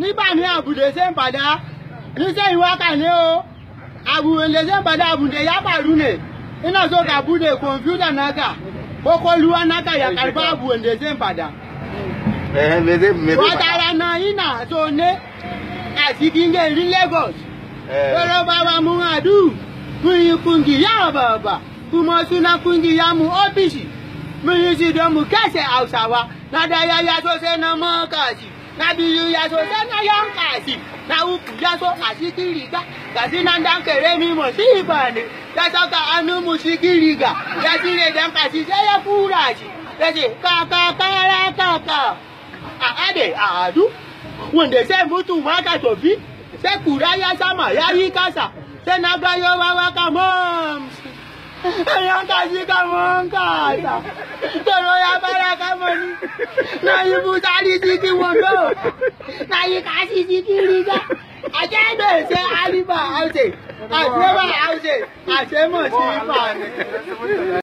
nígbà ní àbùdè ṣe ń padà níṣẹ́ ìwákà ní o àbùdè ṣe ń padà àbùdè yábàrú nè iná sókè àbùdè kọ̀ǹpútà náà kókó luwa náà yàkàrúbá àbùdè ṣe ń padà. wọ́tara náà iná tó ní àti kíngé rí Lagos lọ́rọ́ bá wa mú fún ikú kìyà bàbà ọ́fíìsì. miji don mu kashe hausawa na da ya ya so sai na man kashi na biyu ya so sai na yan kashi na uku ya so a cikin riga ga shi nan dan mu cikin riga ya cire dan kashi sai ya fura shi ya ce kaka kara kaka a ade a adu wanda sai mutu maka tofi sai kura ya sama ya yi kasa sai na ga yawa Yan kaji kamu kata. Toro ya bara kamu ni. Na ibu tari siki wondo. Na yi kasi siki riga. Aje be se aliba ause. Asema ause. Asema si pa ni.